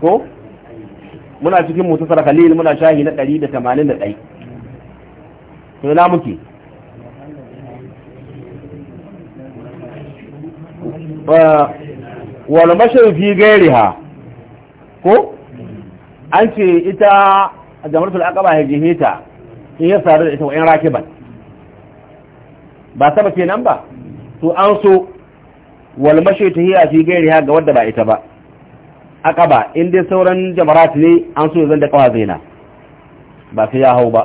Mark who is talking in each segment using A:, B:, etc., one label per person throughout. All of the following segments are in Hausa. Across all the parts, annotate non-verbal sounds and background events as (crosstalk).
A: ko muna cikin mutasar khalil muna shahi na 181 to na muke eh, wal mashru fi ha ko an ce ita jamratul akaba ya jihita in ya sadu da ita wa'in rakiban ba ke kenan ba to an so wal ta tahiya fi ha ga wadda ba ita ba aqaba in dai sauran jamarat ne an so zan da kawa zaina ba sai ya hau ba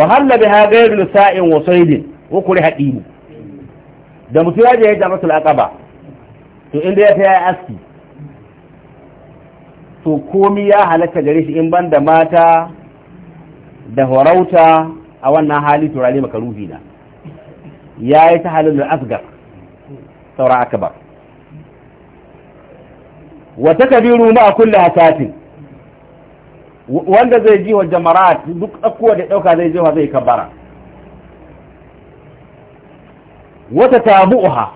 A: wa halla biha ghayru sa'in wa saydin wa kuri mu da mutum ya je ya jama'a akaba to in dai ya ta yi aski to komi ya halatta gare shi in banda mata da horauta a wannan hali turare makaruhi na ya yi ta halin da asgar saura akabar wa takbiru ma a hasatin wanda zai ji wa jamarat duk ɗauko da ɗauka zai je wa zai kabbara wata tabu'uha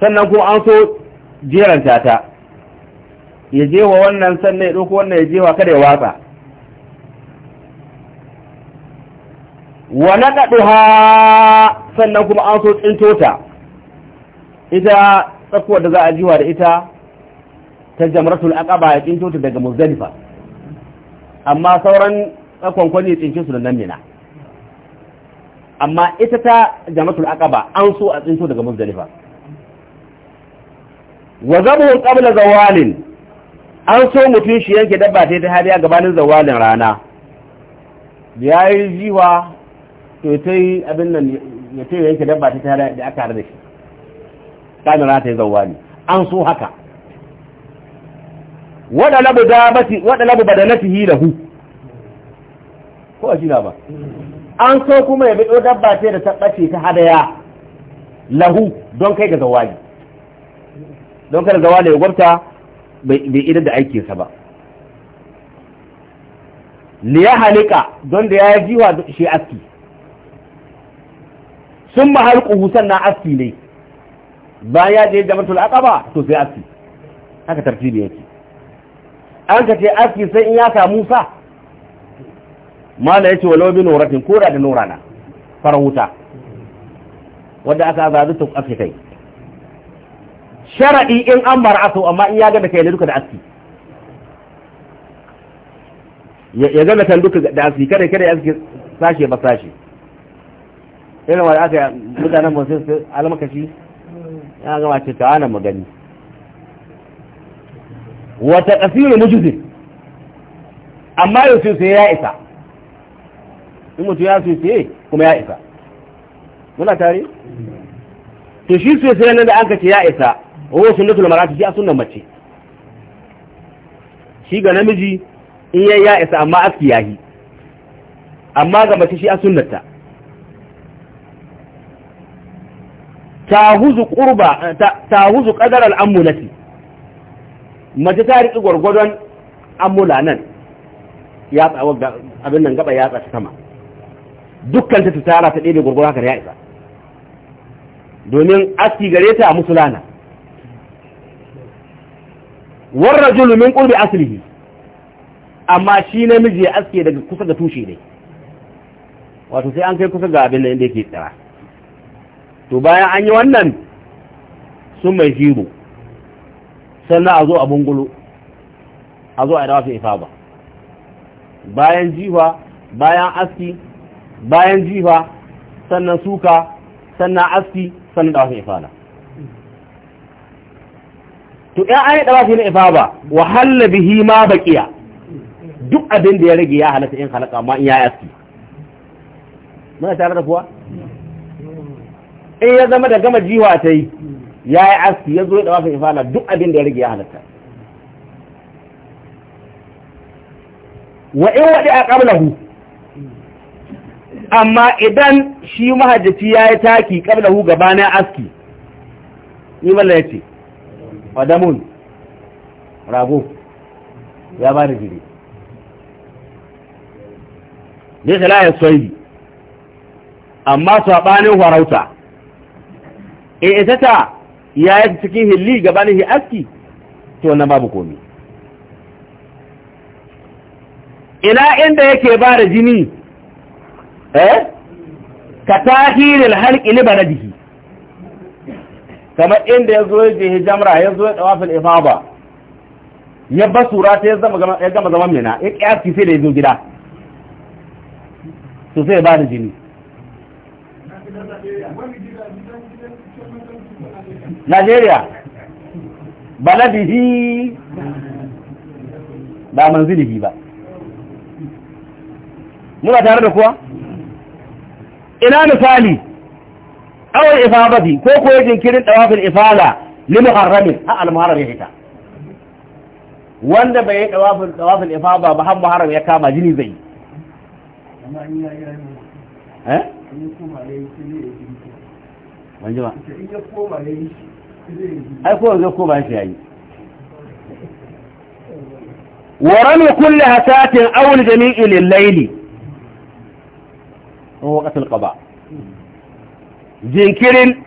A: sannan ko an so jeranta ta ya je wa wannan sannan ya ɗauko wannan ya je wa kada ya watsa wa naɗaɗuha sannan kuma an so tsinto ta ita tsakuwa da za a jiwa da ita ta jamratul aqaba ya tinto ta daga muzdalifa amma sauran kwankwani ya su da nan mina amma ita ta jamratul aqaba an so a tinto daga muzdalifa wa zabuhu qabla zawalin an so mutum shi yanke dabba ta ta hariya gabanin zawalin rana ya yi jiwa to ta yi abin nan ya ce yake dabba ta ta hariya da aka hada da shi kamin rana ta yi zawali an so haka wada labu da wada labu badanatihi lahu ko a jina ba an so kuma ya bido dabba ce da tabbace ta hadaya lahu don kai ga zawali don kai ga zawali ya gwamta bai idan da aikinsa ba ya halika don da ya yi jiwa shi aski sun ma halku sannan aski ne bayan ya je jamatul aqaba to sai aski haka tartibi yake an ka ce aski sai in ya samu sa mala yace walau bi nuratin ko da nurana farauta wanda aka zabi to aski kai sharadi in an bar aso amma in ya ga da kai ne duka da aski ya ga kan duka da aski kada kada ya aski sashe ba sashe irin wanda aka mutanen ba sai almakashi ya gama wace ta ana magani wata kasiru mujizin amma ya sai ya isa in mutum ya sai kuma ya isa muna tare to shi sai sai nan da an kace ya isa wa sunnatul mar'ati shi a sunan mace shi ga namiji in yayi ya isa amma aski yahi amma ga mace shi a sunanta, ta huzu qurba ta huzu qadar al-amulati mace ta riƙi gwargwadon amula nan ya tsawo abin nan gaba ya tsaka sama dukkan ta tutara ta ɗaya gwargwadon haka ya isa domin aski gare ta a musulana warra julumin ƙulbi asilihi amma shi namiji ya aske daga kusa da tushe ne wato sai an kai kusa ga abin da inda yake tsara to bayan an yi wannan sun mai hiru sannan a zo a bungulo a zo a yi dawafin ifaba bayan jifa bayan aski bayan jifa sannan suka sannan aski sannan dawafin ifada to ya an yi dawafin ifaba wahalla bihi ma baqiya duk abin da ya rage ya halatta in halaka ma in ya aski muna tare da kuwa in ya zama da gama jiwa ta yi ya yi aski ya zo ya dawa ifana duk abin da ya rage ya halatta wa in waɗi a ƙablahu amma idan shi mahajjaci ya yi taki ƙablahu gabanin aski imala ya ce ƙwadamun rago ya ba da jiri ne ta laye soyi amma saɓanin farauta e ita ta ya yi cikin hilli gabanin shi aski to na babu komi ina inda yake ba da jini eh ka tahirin halki liba na jiki kamar inda ya zo ya je jamra ya zo ya tawafin ifaba ya ba sura ta ya gama zaman mina ya kiyasi sai da ya zo gida to sai ya ba da jini najeriya bihi ba manzilihi ba muna tare da kuwa ina misali ba ifabati ko kirin jinkirin dawafin ifala limu muharramin a almuharar ya hita wanda bai yi dawafin ifa ifaba ba hannu muharram ya kama jini zai eh ya
B: ne ai
A: ko ko ba shi yayi ورمي كل هسات أو الجميع للليل هو وقت القضاء jinkirin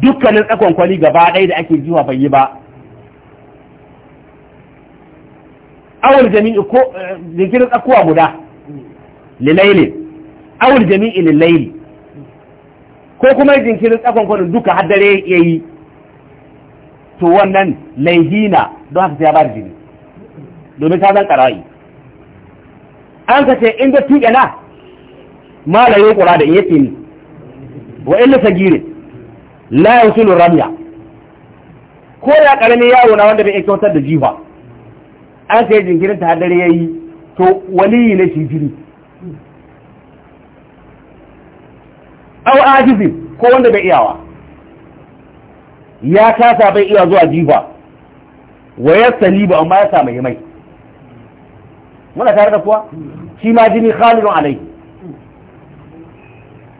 A: dukkanin tsakon kwali gaba ɗaya da ake jiwa bai yi ba awul jami'i ko eh, jinkirin tsakuwa guda lilaili awul jami'i layli, ko kuma jinkirin tsakon kwali duka har dare yayi to wannan laihina don haka sai ya ba da jini domin ta zan karayi an ka ce inda tuɗe na ma la da in yace ni wa illa gire la yusilu ramya ko ya karami yawo na wanda bai kyautar da jifa an yi jinkirin ta ya yi to yi na shi jini Au ajizi ko wanda bai iyawa ya kasa bai iya zuwa jifa wa ya saliba amma ya samu mai muna tare da kuwa shi ma jini khalidun alai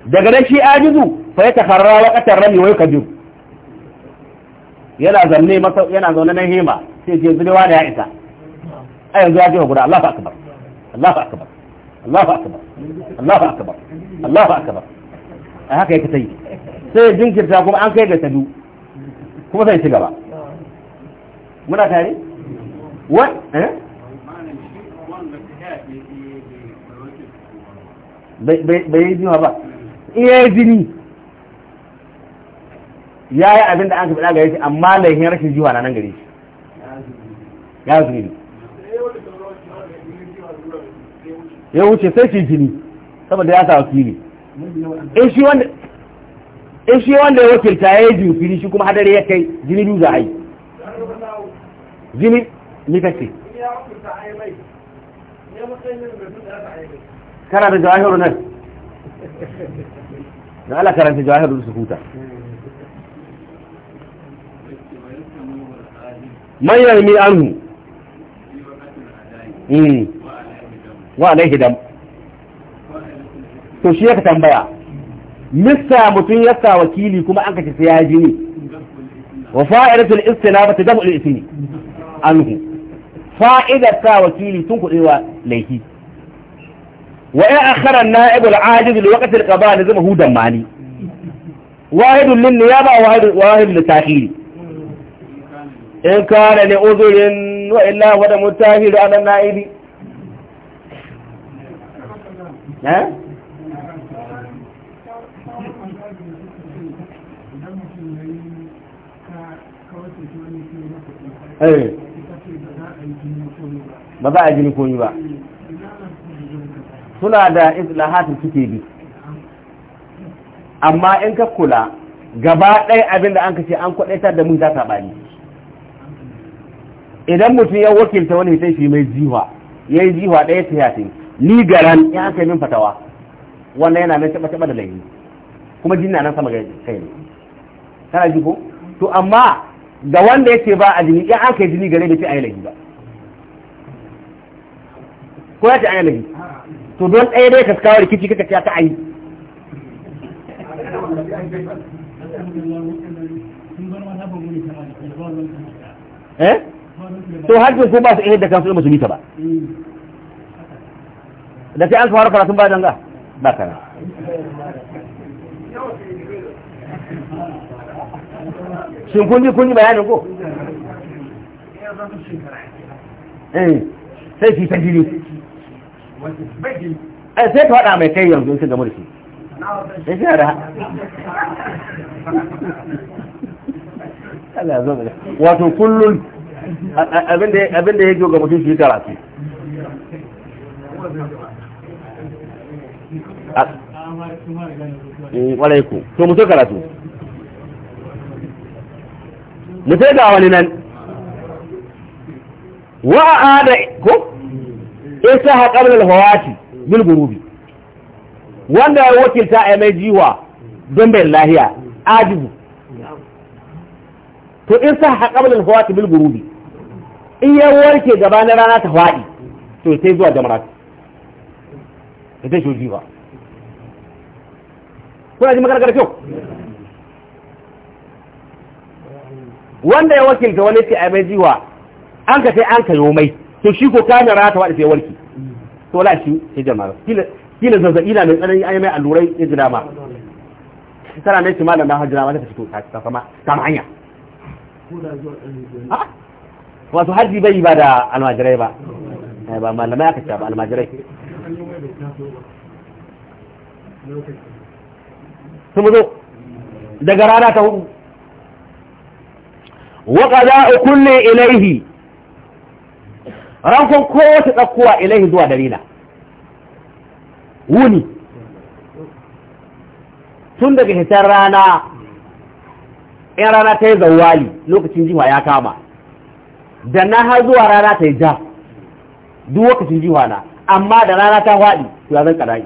A: daga nan shi ajizu fa ya takarra waqatar rami wa yakjur yana zanne masa yana zaune nan hema sai je zulewa wani ya isa a yanzu ya ji guda Allahu akbar Allahu akbar Allahu akbar Allahu akbar Allahu akbar a haka yake tai sai jinkirta kuma an kai ga sadu kuma sai ci gaba muna tare what eh bai yi jima ba iya yi jini ya yi abinda an kafa ɗaga yace amma laifin rashin jiwa na nan gare shi ya zuri ya wuce sai shi jini saboda ya sa wakili
B: in eh,
A: shi wanda in shi wanda ya wakilta ya yi jinkiri shi kuma hadari ya kai jini biyu za a yi jini ni kake kana da jawahiru nan da ala karanta jawahiru su huta man yarmi anhu hmm. wa alaihi dam to shi ya ka tambaya mista mutum ya sa wakili kuma an kace sai ya ji ne wa fa'idatul istinaba tadabul ismi anhu fa'idar sa wakili tun kudewa laifi wa ya akhara an-na'ib al-ajiz li waqti al-qada lazima hu damani wahidun lin niyaba wa wahidun litakhir in kana li udhrin wa illa wa damu tahir ala na'ibi eh? Eh. ba za a jini komi ba suna da hatin suke bi amma in ka kula gaba ɗaya abinda an kashe an kwaɗaitar da mun za ta bani idan mutum ya wakilta wani hitai shi mai jiwa ya yi jiwa ɗaya ta yatin ni garan ya haka min fatawa wannan yana nan taba taba da laifi kuma jinna nan sama ga kai ne kana ji ko to amma ga wanda yake ba a jini in aka yi jini gare bai ce ayi laifi ba ko ya ce ayi laifi to don ɗaya dai ka kawo rikici kaka ce ta ayi eh to har ko ba su iya da kansu musulmi ta ba da sai an fara karatun ba danga ba ka nan
B: shin kun ji kun
A: eh, sai fi ta jini
B: eh,
A: sai ta faɗa mai kai gamu da shi eh, sai shi da Allah ya zo da wato kullum abinda ya jo Ah. Eh, ƙwarai ku to mu karatu mu sai ga wani nan wa a da ko isa ha qabla al-hawati bil gurubi wanda ya wakilta a mai jiwa don bai lahiya ajibu to in sa ha qabla al-hawati bil gurubi in ya warke gaba na rana ta fadi to sai zuwa jamarat ita shi jiwa kuna ji magana kyau wanda ya wakilta wani ce a mai jiwa an ka sai an ka yomai to shi ko kamar rata wadda sai warki to la shi sai jama'a kila zazzabi na mai tsanani an yi mai allurai ya jira ma tana nan shi malam na hajjira ma ta fito ta sama kama hanya wasu hajji bai ba da almajirai ba eh, ba malamai aka ce ba almajirai sun zo daga rana ta hudu waka za a kulle ilaihi rankon kowace tsakkuwa ilaihi zuwa dalila wuni tun daga hitar rana in rana ta yi zawali lokacin jiwa ya kama da na har zuwa rana ta yi ja duk lokacin jiwa na amma da rana ta haɗi to ya zan ƙara'i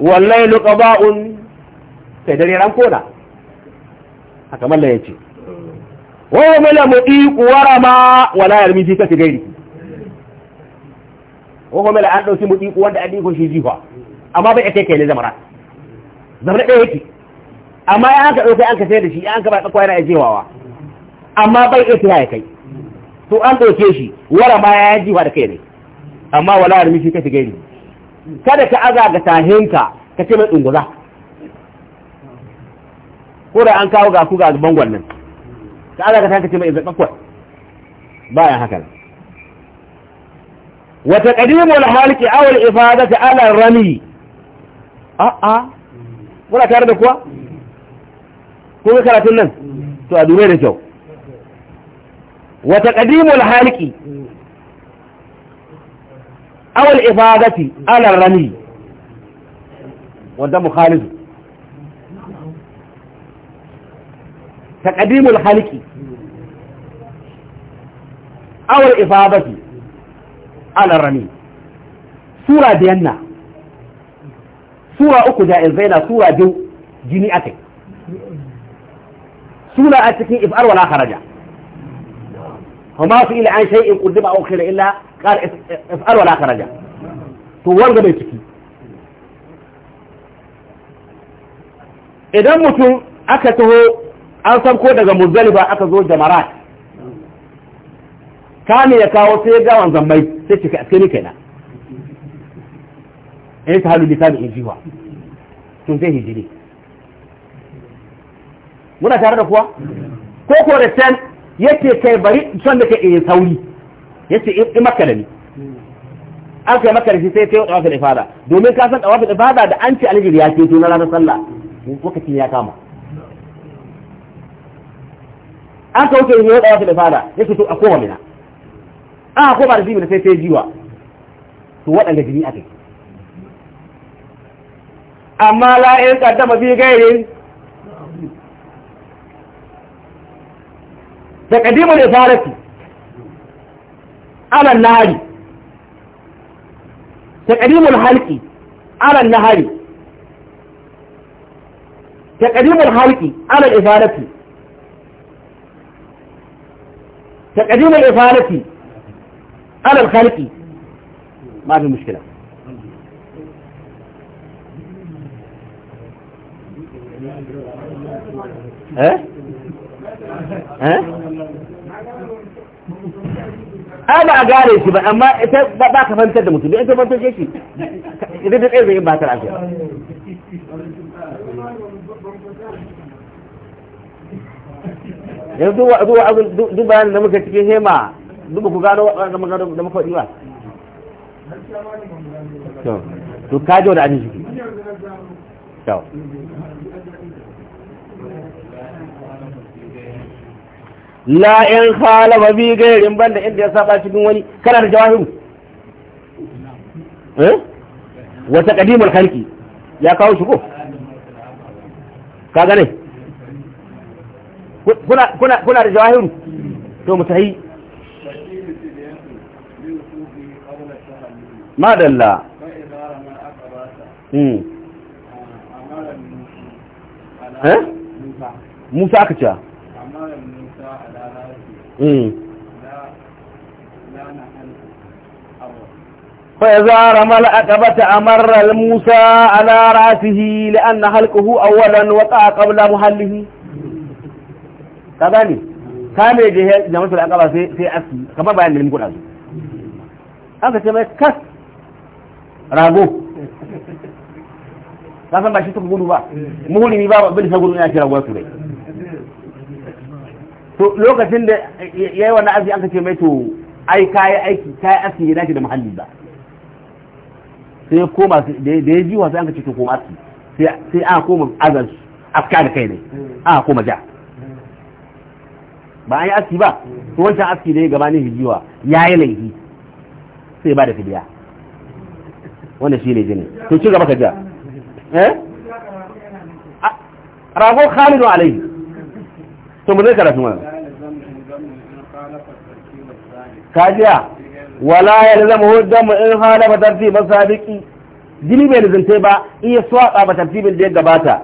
A: wallailu qaba'un sai dare ya ce wani yace wa mala mudiq warama wala yarmi fi kati gairi wani mala an mu mudiq wanda an diko shi jifa amma bai ake kai ne zamara zamara ɗaya yake amma ya hanka ɗauki an ka sai da shi an hanka ba tsakwai na wa amma bai ake ya kai to an ɗauke shi wara ma ya jifa da kai ne amma wala yarmi fi kati gairi kada ka aza ga tahinka ka ce mai ɗunguza ko da an kawo ga ku ga bangon nan ka aza ga tahinka ce mai zaɓaɓɓar bayan haka nan wata ƙadimul halki awal ifada ta ala rami a'a muna tare da kuwa kun karatun nan to a dure da kyau wata ƙadimu halki او الإفاضة على الرمي wanda خالد تقديم الخلق او الافاضه على الرمي سوره ديانا سوره اكو جائز بينا سوره جو جني اتك سوره اتك افار ولا خرجا وما في الى عن شيء قدم او خير الا قال افعل ولا خرج to wanga bai ciki idan mutum aka taho an san ko daga muzdalifa aka zo jamarat kane ya kawo sai ga wanzan mai sai cika aske kai kaina in ta halu lisabi in jiwa tun zai hijiri muna tare da kuwa ko ko da can yake kai bari son da kai in sauri yace in makka da ni an kai makka da shi sai ta yi tawafin ifada domin ka san tawafin ifada da an ce aljiri ya ce to na ranar sallah lokacin ya kama an ka wuce yi tawafin ifada yace to a koma mina an koma da shi mina sai sai jiwa to waɗanda jini aka yi amma la'in kaddama bi gairin da kadimar ifarati على النهار تقديم الحلق على النهار تقديم الحلق على الإفالة تقديم الإفالة على الخلق ما في مشكلة
B: ها ها
A: a ba a gane shi ba amma ita ba ka fantar da mutum ita fantar ce shi idan da tsaye zai ba ta lafiya yanzu zuwa abin duk bayan da muka cikin hema duk ku gano muka gano da muka faɗi ba to kaji da abin shi to la in khalaba bi gairin banda inda ya saba cikin wani kana da jawahiru eh wa taqdimul khalqi ya kawo shi ko kaga ne? kuna kuna kuna da jawahiru to mu tahi madalla hmm. eh? Musa aka cewa فإذا رمى الأقبة أمر الموسى على رأسه لأن حلقه أولا وقع قبل محله كذلك كان يجي جمس الأقبة في في أسي كما بأن لم يقول أنت كما كس راغو kasan ba shi suka gudu ba muhulimi ba abin da sa gudu to lokacin da ya yi wani arziki an kace mai to ai kayi aiki kayi aski ya dace da muhalli ba sai koma da ya ji wasu an kace to koma aski sai an koma azar aska da kai ne an koma ja ba an yi aski ba to wancan aski da ya ne hijiwa ya yi laifi sai ba da fidiya wanda shi ne jini to ci gaba ka ja eh rago khalidu alaihi to mu zai karatu wannan kajiya wala ya zama hujjan mu in halafa tartibin sabiki jini bai lizinte ba iya swaba ba tartibin da ya gabata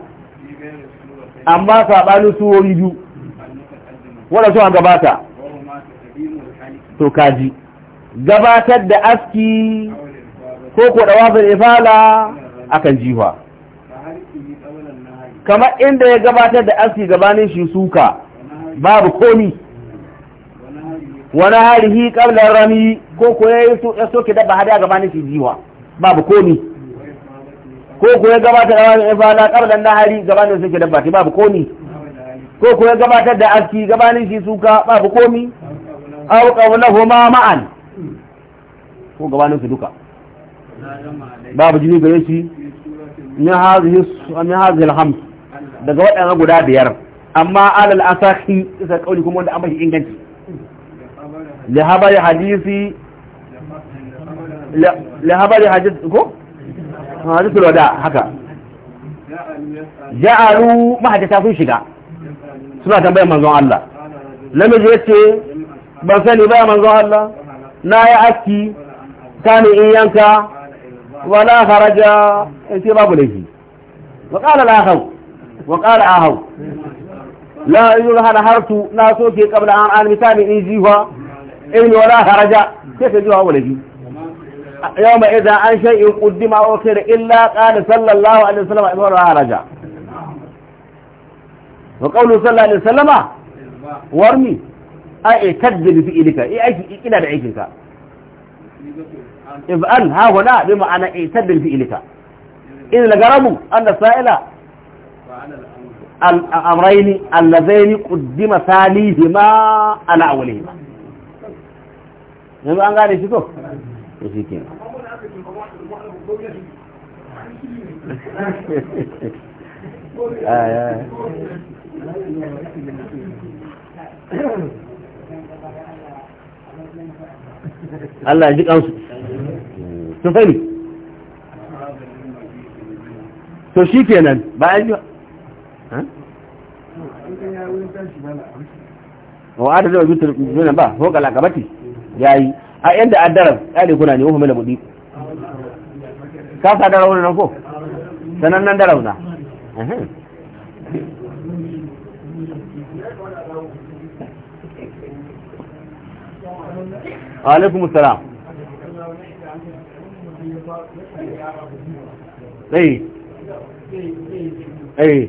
A: amma sabanin suwori biyu wanda su gabata to kaji gabatar da aski ko ko da wafin ifala akan jiwa kamar inda ya gabatar da aski gabanin shi suka babu komi wani hari hi ƙablar rami ko ko ya yi soke dabba hada gabanin shi jiwa babu komi ko ko ya gabata da wani ifada ƙablar nahari gabanin soke dabba ta babu komi ko ko ya gabatar da aski gaba gabanin shi suka babu komi au qawlahuma ma'an ko gaba gabanin su duka babu jini gare shi min hazi min hadhihi al daga waɗannan guda biyar amma alal asahi isa kauli kuma wanda an shi inganci li hadisi hadisi ko hadisul wada haka ja'alu mahajjata sun shiga suna tambayar manzon Allah yace ban sani ba manzon Allah na ya aski kani in yanka wala babu laifi wa qala la wa qala ahaw لا يقول هذا هرتو لا صوتي قبل أن أعلم ثاني إيجيها إن ولا هرج كيف يجيها ولا يجي يوم إذا عن شيء قدم أو أخر إلا قال صلى الله عليه وسلم إن ولا هرج وقوله صلى الله عليه وسلم ورمي أي كذب في إيدك أي إلى بعيدك إذ أن ها هنا بمعنى إيه تجد في إيدك إذ لقربوا أن السائلة الأمرين اللذين قدم ثانيهما على أولهما نبقى أن قال يشيكو يشيكين
B: (laughs) آه، آه. الله يجيك أمس
A: شو فيني شو شيكينا بقى wa ata da wajutar zunan ba ko kalakabati ya yi a yadda addarar tsari kuna ne wahumila budi ka sa da raunin nan ko sanan nan da rauna
B: alaikum assalam eh eh